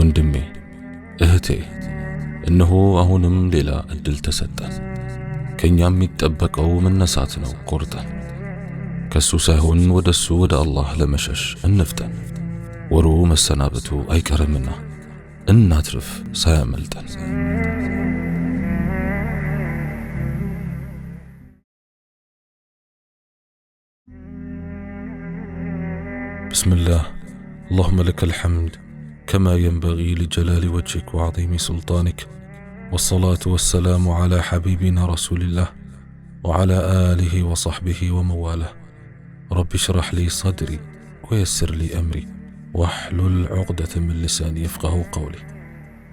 ወንድሜ፣ እህቴ፣ እነሆ አሁንም ሌላ እድል ተሰጠን። ከእኛም የሚጠበቀው መነሳት ነው። ቆርጠን ከሱ ሳይሆን ወደ እሱ ወደ አላህ ለመሸሽ እንፍጠን። ወሩ መሰናበቱ አይቀርምና እናትርፍ ሳያመልጠን። بسم الله اللهم لك الحمد كما ينبغي لجلال وجهك وعظيم سلطانك والصلاه والسلام على حبيبنا رسول الله وعلى اله وصحبه ومواله رب اشرح لي صدري ويسر لي امري واحلل عقده من لساني يفقه قولي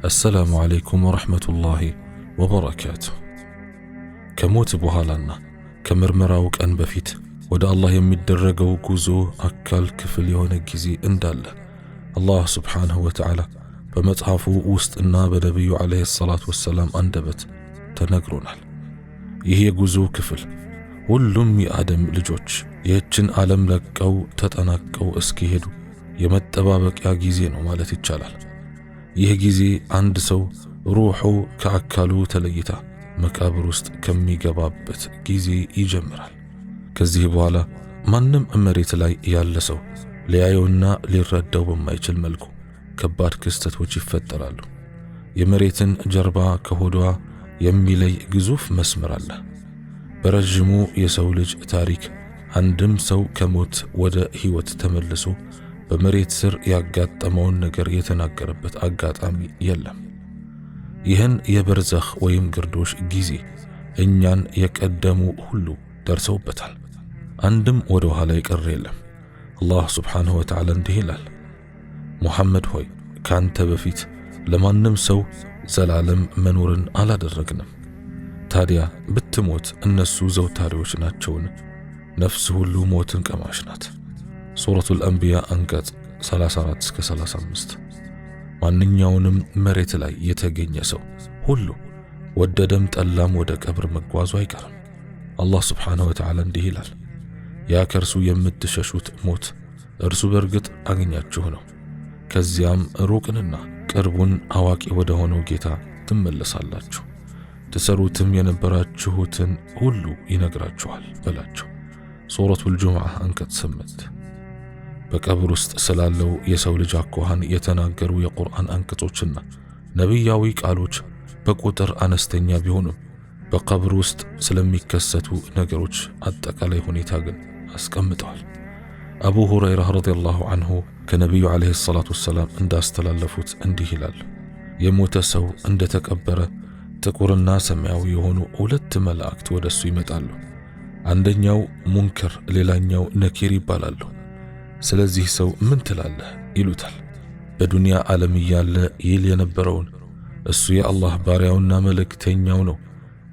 السلام عليكم ورحمه الله وبركاته كموت بهالنا ከመርመራው ቀን በፊት الله አላህ የሚደረገው ጉዞ አካል ክፍል የሆነ ጊዜ አላህ ስብሓንሁ ወተዓላ በመጽሐፉ ውስጥ እና በነቢዩ ዓለይሂ ሰላቱ ወሰላም አንደበት ተነግሮናል። ይህ የጉዞ ክፍል ሁሉም የአደም ልጆች ይህችን ዓለም ለቀው ተጠናቀው እስኪሄዱ የመጠባበቂያ ጊዜ ነው ማለት ይቻላል። ይህ ጊዜ አንድ ሰው ሩሑ ከአካሉ ተለይታ መቃብር ውስጥ ከሚገባበት ጊዜ ይጀምራል። ከዚህ በኋላ ማንም መሬት ላይ ያለ ሰው ሊያየውና ሊረዳው በማይችል መልኩ ከባድ ክስተቶች ይፈጠራሉ። የመሬትን ጀርባ ከሆዷ የሚለይ ግዙፍ መስመር አለ። በረዥሙ የሰው ልጅ ታሪክ አንድም ሰው ከሞት ወደ ሕይወት ተመልሶ በመሬት ስር ያጋጠመውን ነገር የተናገረበት አጋጣሚ የለም። ይህን የበርዘኽ ወይም ግርዶሽ ጊዜ እኛን የቀደሙ ሁሉ ደርሰውበታል። አንድም ወደ ኋላ ይቀር የለም። አላህ ስብሓንሁ ወተዓላ እንዲህ ይላል፣ ሙሐመድ ሆይ ካንተ በፊት ለማንም ሰው ዘላለም መኖርን አላደረግንም። ታዲያ ብትሞት እነሱ ዘውታሪዎች ናቸውን? ነፍስ ሁሉ ሞትን ቀማሽ ናት። ሱረቱል አንቢያ አንቀጽ 34 እስከ 35። ማንኛውንም መሬት ላይ የተገኘ ሰው ሁሉ ወደደም ጠላም ወደ ቀብር መጓዙ አይቀርም። አላህ ስብሓንሁ ወተዓላ እንዲህ ይላል ያ ከእርሱ የምትሸሹት ሞት እርሱ በእርግጥ አገኛችሁ ነው። ከዚያም ሩቅንና ቅርቡን አዋቂ ወደ ሆነው ጌታ ትመለሳላችሁ። ትሰሩትም የነበራችሁትን ሁሉ ይነግራችኋል በላቸው። ሱረቱል ጁምዓ አንቀጽ ስምንት በቀብር ውስጥ ስላለው የሰው ልጅ አኳኋን የተናገሩ የቁርአን አንቀጾችና ነቢያዊ ቃሎች በቁጥር አነስተኛ ቢሆኑም በቀብር ውስጥ ስለሚከሰቱ ነገሮች አጠቃላይ ሁኔታ ግን አስቀምጠዋል። አቡ ሁረይራ ረዲየላሁ አንሁ ከነቢዩ ዓለይሂ ሰላቱ ወሰላም እንዳስተላለፉት እንዲህ ይላል፣ የሞተ ሰው እንደ ተቀበረ ጥቁርና ሰማያዊ የሆኑ ሁለት መላእክት ወደ እሱ ይመጣሉ። አንደኛው ሙንከር፣ ሌላኛው ነኪር ይባላሉ። ስለዚህ ሰው ምን ትላለህ ይሉታል። በዱንያ ዓለም እያለ ይል የነበረውን እሱ የአላህ ባሪያውና መልእክተኛው ነው፣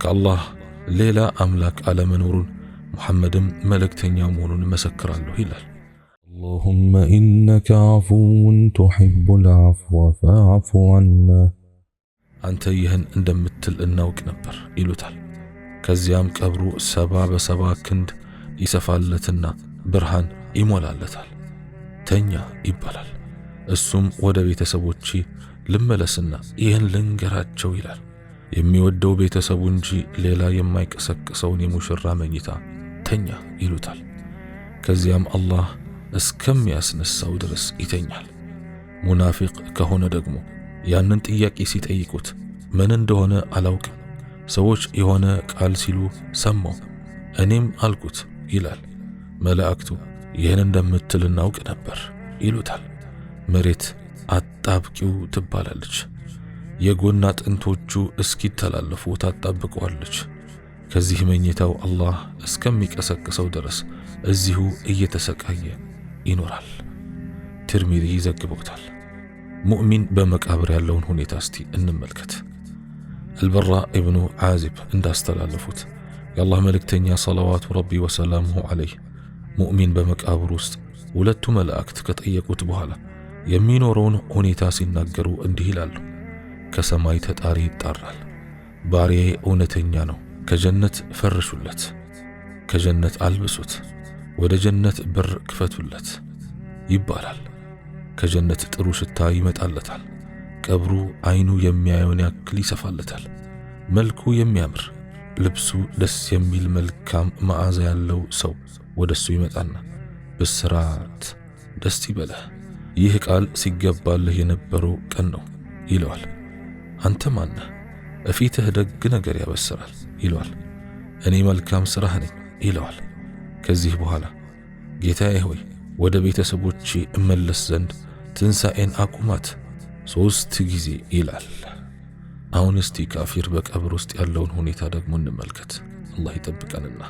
ከአላህ ሌላ አምላክ አለመኖሩን ሙሐመድም መልእክተኛ መሆኑን እመሰክራለሁ ይላል። አላሁመ ኢነከ ዐፉውን ቱሒቡል ዐፍወ ፈዕፉ ዐና አንተ ይህን እንደምትል እናውቅ ነበር ይሉታል። ከዚያም ቀብሩ ሰባ በሰባ ክንድ ይሰፋለትና ብርሃን ይሞላለታል። ተኛ ይባላል። እሱም ወደ ቤተሰቦቼ ልመለስና ይህን ልንገራቸው ይላል። የሚወደው ቤተሰቡ እንጂ ሌላ የማይቀሰቅሰውን የሙሽራ መኝታ ተኛ ይሉታል። ከዚያም አላህ እስከሚያስነሳው ድረስ ይተኛል። ሙናፊቅ ከሆነ ደግሞ ያንን ጥያቄ ሲጠይቁት ምን እንደሆነ አላውቅም፣ ሰዎች የሆነ ቃል ሲሉ ሰማው፣ እኔም አልኩት ይላል። መላእክቱ ይህን እንደምትል እናውቅ ነበር ይሉታል። መሬት አጣብቂው ትባላለች። የጎን አጥንቶቹ እስኪተላለፉ ታጣብቀዋለች። ከዚህ መኝታው አላህ እስከሚቀሰቅሰው ድረስ እዚሁ እየተሰቃየ ይኖራል። ትርሚዚ ዘግቦታል። ሙእሚን በመቃብር ያለውን ሁኔታ እስቲ እንመልከት። አልበራ ኢብኑ ዓዚብ እንዳስተላለፉት የአላህ መልእክተኛ ሰላዋቱ ረቢ ወሰላሙሁ ዓለይህ ሙእሚን በመቃብር ውስጥ ሁለቱ መላእክት ከጠየቁት በኋላ የሚኖረውን ሁኔታ ሲናገሩ እንዲህ ይላሉ። ከሰማይ ተጣሪ ይጣራል፣ ባሪያዬ እውነተኛ ነው ከጀነት ፈርሹለት፣ ከጀነት አልብሱት፣ ወደ ጀነት በር ክፈቱለት ይባላል። ከጀነት ጥሩ ሽታ ይመጣለታል። ቀብሩ አይኑ የሚያየውን ያክል ይሰፋለታል። መልኩ የሚያምር ልብሱ ደስ የሚል መልካም መዓዛ ያለው ሰው ወደሱ ይመጣና ብስራት ደስ ይበለህ፣ ይህ ቃል ሲገባልህ የነበረው ቀን ነው ይለዋል። አንተ ማነህ? እፊትህ ደግ ነገር ያበስራል ይለዋል። እኔ መልካም ሥራህ ነኝ ይለዋል። ከዚህ በኋላ ጌታዬ ሆይ ወደ ቤተሰቦች እመለስ ዘንድ ትንሣኤን አቁማት ሦስት ጊዜ ይላል። አሁን እስቲ ካፊር በቀብር ውስጥ ያለውን ሁኔታ ደግሞ እንመልከት። አላህ ይጠብቀንና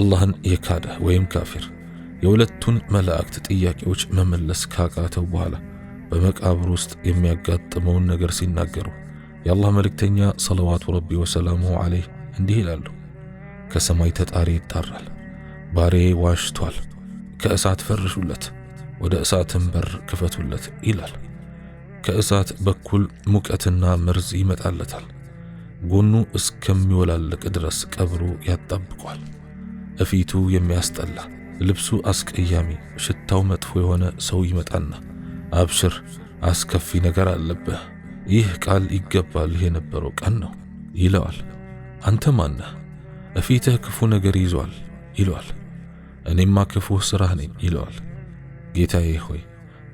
አላህን የካደ ወይም ካፊር የሁለቱን መላእክት ጥያቄዎች መመለስ ካቃተው በኋላ በመቃብር ውስጥ የሚያጋጥመውን ነገር ሲናገሩ የአላህ መልእክተኛ ሰለዋቱ ረቢ ወሰላሙ ዓለይህ እንዲህ ይላሉ፣ ከሰማይ ተጣሪ ይጣራል፣ ባሬ ዋሽቷል፣ ከእሳት ፈርሹለት፣ ወደ እሳትም በር ክፈቱለት ይላል። ከእሳት በኩል ሙቀትና መርዝ ይመጣለታል። ጎኑ እስከሚወላልቅ ድረስ ቀብሩ ያጣብቋል። እፊቱ የሚያስጠላ ልብሱ አስቀያሚ፣ ሽታው መጥፎ የሆነ ሰው ይመጣና አብሽር አስከፊ ነገር አለብህ ይህ ቃል ይገባልህ የነበረው ቀን ነው ይለዋል። አንተ ማነህ? እፊትህ ክፉ ነገር ይዟል ይለዋል። እኔማ ክፉ ሥራህ ነኝ ይለዋል። ጌታዬ ሆይ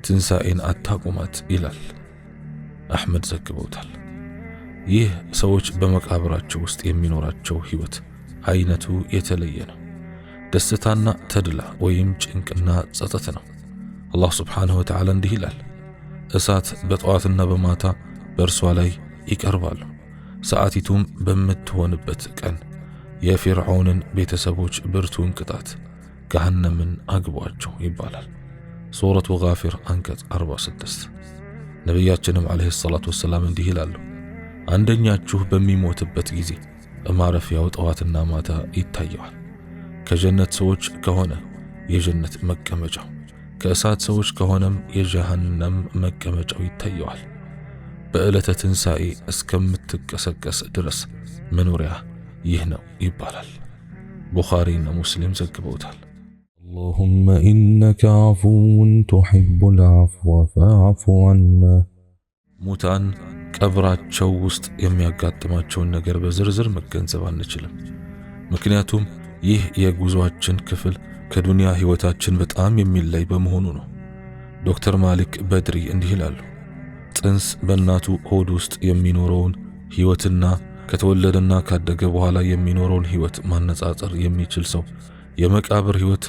ትንሣኤን አታቁማት ይላል። አሕመድ ዘግበውታል። ይህ ሰዎች በመቃብራቸው ውስጥ የሚኖራቸው ሕይወት አይነቱ የተለየ ነው። ደስታና ተድላ ወይም ጭንቅና ጸጸት ነው። አላህ ስብሓንሁ ወተዓላ እንዲህ ይላል፣ እሳት በጠዋትና በማታ በእርሷ ላይ ይቀርባሉ። ሰዓቲቱም በምትሆንበት ቀን የፊርዓውንን ቤተሰቦች ብርቱን ቅጣት ገሃነምን አግቧቸው ይባላል። ሱረቱ ጋፊር አንቀጽ 46። ነቢያችንም ዓለይሂ ሰላቱ ወሰላም እንዲህ ይላሉ፣ አንደኛችሁ በሚሞትበት ጊዜ በማረፊያው ጠዋትና ማታ ይታየዋል። ከጀነት ሰዎች ከሆነ የጀነት መቀመጫው፣ ከእሳት ሰዎች ከሆነም የጀሃነም መቀመጫው ይታየዋል። በዕለተ ትንሣኤ እስከምትቀሰቀስ ድረስ መኖሪያ ይህ ነው ይባላል። ቡኻሪና ሙስሊም ዘግበውታል። አላሁመ ኢነከ ዓፉውን ቱሒቡል ዓፍወ ፈዕፉ ዐና። ሙታን ቀብራቸው ውስጥ የሚያጋጥማቸውን ነገር በዝርዝር መገንዘብ አንችልም። ምክንያቱም ይህ የጉዞአችን ክፍል ከዱንያ ሕይወታችን በጣም የሚለይ በመሆኑ ነው። ዶክተር ማሊክ በድሪ እንዲህ ይላሉ። ጽንስ በእናቱ ሆድ ውስጥ የሚኖረውን ሕይወትና ከተወለደና ካደገ በኋላ የሚኖረውን ሕይወት ማነጻጸር የሚችል ሰው የመቃብር ሕይወት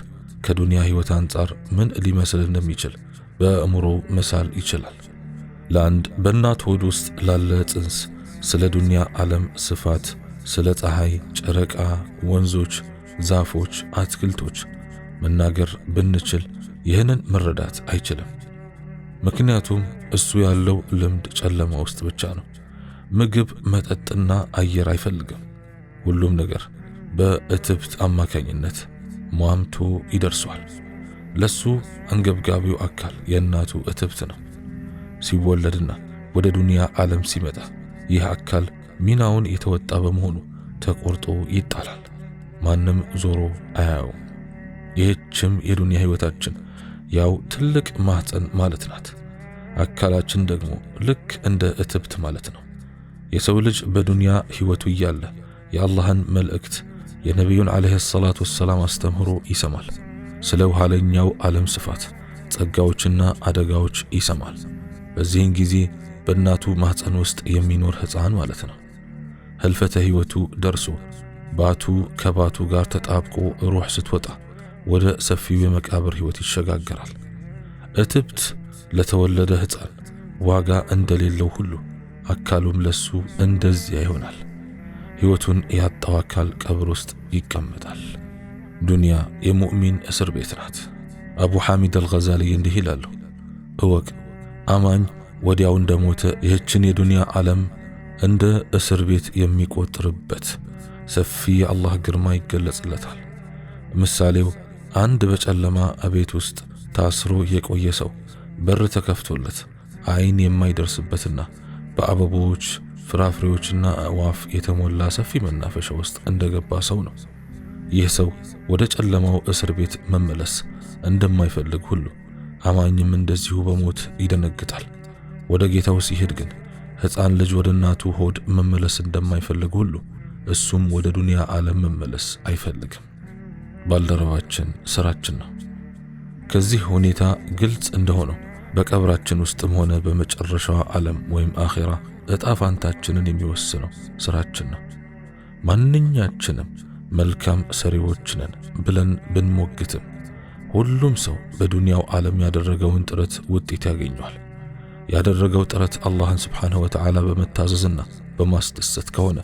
ከዱንያ ሕይወት አንጻር ምን ሊመስል እንደሚችል በአእምሮ መሳል ይችላል። ለአንድ በእናት ሆድ ውስጥ ላለ ጽንስ ስለ ዱንያ ዓለም ስፋት፣ ስለ ፀሐይ፣ ጨረቃ፣ ወንዞች፣ ዛፎች፣ አትክልቶች መናገር ብንችል ይህንን መረዳት አይችልም። ምክንያቱም እሱ ያለው ልምድ ጨለማ ውስጥ ብቻ ነው። ምግብ፣ መጠጥና አየር አይፈልግም። ሁሉም ነገር በእትብት አማካኝነት ሟምቶ ይደርሷል። ለሱ አንገብጋቢው አካል የእናቱ እትብት ነው። ሲወለድና ወደ ዱንያ ዓለም ሲመጣ ይህ አካል ሚናውን የተወጣ በመሆኑ ተቆርጦ ይጣላል። ማንም ዞሮ አያየውም። ይህችም የዱንያ ሕይወታችን ያው ትልቅ ማህፀን ማለት ናት። አካላችን ደግሞ ልክ እንደ እትብት ማለት ነው። የሰው ልጅ በዱንያ ሕይወቱ እያለ የአላህን መልእክት የነቢዩን ዓለይሂ ሰላቱ ወሰላም አስተምህሮ ይሰማል። ስለ ኋለኛው ዓለም ስፋት ጸጋዎችና አደጋዎች ይሰማል። በዚህን ጊዜ በእናቱ ማኅፀን ውስጥ የሚኖር ሕፃን ማለት ነው። ህልፈተ ሕይወቱ ደርሶ ባቱ ከባቱ ጋር ተጣብቆ ሩህ ስትወጣ ወደ ሰፊው የመቃብር ሕይወት ይሸጋገራል። እትብት ለተወለደ ሕፃን ዋጋ እንደሌለው ሁሉ አካሉም ለሱ እንደዚያ ይሆናል። ሕይወቱን ያጣው አካል ቀብር ውስጥ ይቀመጣል። ዱንያ የሙእሚን እስር ቤት ናት። አቡ ሐሚድ አልገዛሊ እንዲህ ይላሉ፣ እወቅ አማኝ ወዲያው እንደሞተ ይህችን የዱንያ ዓለም እንደ እስር ቤት የሚቆጥርበት ሰፊ የአላህ ግርማ ይገለጽለታል። ምሳሌው አንድ በጨለማ እቤት ውስጥ ታስሮ የቆየ ሰው በር ተከፍቶለት አይን የማይደርስበትና በአበቦች ፍራፍሬዎችና አዕዋፍ የተሞላ ሰፊ መናፈሻ ውስጥ እንደገባ ሰው ነው። ይህ ሰው ወደ ጨለማው እስር ቤት መመለስ እንደማይፈልግ ሁሉ አማኝም እንደዚሁ በሞት ይደነግጣል። ወደ ጌታው ሲሄድ ግን ሕፃን ልጅ ወደ እናቱ ሆድ መመለስ እንደማይፈልግ ሁሉ እሱም ወደ ዱንያ ዓለም መመለስ አይፈልግም። ባልደረባችን ስራችን ነው። ከዚህ ሁኔታ ግልጽ እንደሆነው በቀብራችን ውስጥም ሆነ በመጨረሻዋ ዓለም ወይም አኼራ እጣ ፋንታችንን የሚወስነው ስራችን ነው። ማንኛችንም መልካም ሰሪዎች ነን ብለን ብንሞግትም ሁሉም ሰው በዱንያው ዓለም ያደረገውን ጥረት ውጤት ያገኘዋል። ያደረገው ጥረት አላህን ስብሓንሁ ወተዓላ በመታዘዝና በማስደሰት ከሆነ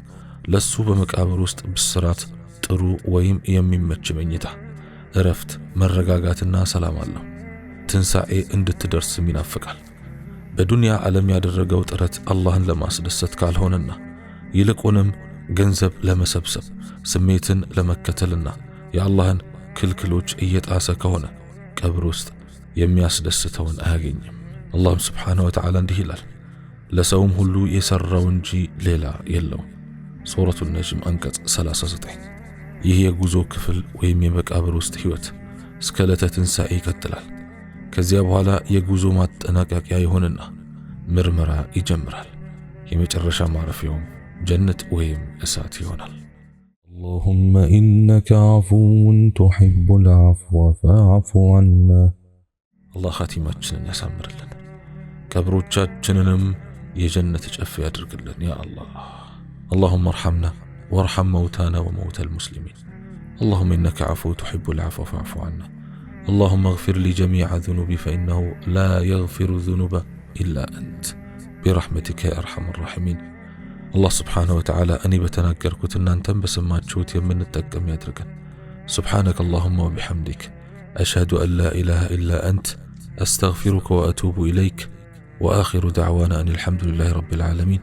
ለሱ በመቃብር ውስጥ ብስራት ጥሩ ወይም የሚመች መኝታ፣ እረፍት፣ መረጋጋትና ሰላም አለው። ትንሣኤ እንድትደርስም ይናፍቃል። በዱንያ ዓለም ያደረገው ጥረት አላህን ለማስደሰት ካልሆነና ይልቁንም ገንዘብ ለመሰብሰብ ስሜትን ለመከተልና የአላህን ክልክሎች እየጣሰ ከሆነ ቀብር ውስጥ የሚያስደስተውን አያገኝም። አላህም ስብሓነ ወተዓላ እንዲህ ይላል፣ ለሰውም ሁሉ የሠራው እንጂ ሌላ የለውም። ሱረቱ ነጅም አንቀጽ 39 ይህ የጉዞ ክፍል ወይም የመቃብር ውስጥ ህይወት እስከ ዕለተ ትንሣኤ ይቀጥላል። ከዚያ በኋላ የጉዞ ማጠናቀቂያ ይሆንና ምርመራ ይጀምራል። የመጨረሻ ማረፊያውም ጀነት ወይም እሳት ይሆናል። አላሁመ ኢነከ ዓፉውን ቱሒቡል ዓፍወ ፈዕፉ ዐና። አላህ ኻቲማችንን ያሳምርልን ቀብሮቻችንንም የጀነት ጨፌ ያድርግልን። ያ አላህ አላሁመ እርሐምና وارحم موتانا وموتى المسلمين اللهم إنك عفو تحب العفو فاعف عنا اللهم اغفر لي جميع ذنوبي فإنه لا يغفر الذنوب إلا أنت برحمتك يا أرحم الراحمين الله سبحانه وتعالى أني بتنكر ما تشوت በስማችሁት የምንጠቀም يدرك سبحانك اللهم وبحمدك أشهد أن لا إله إلا أنت أستغفرك وأتوب إليك وآخر دعوانا أن الحمد لله رب العالمين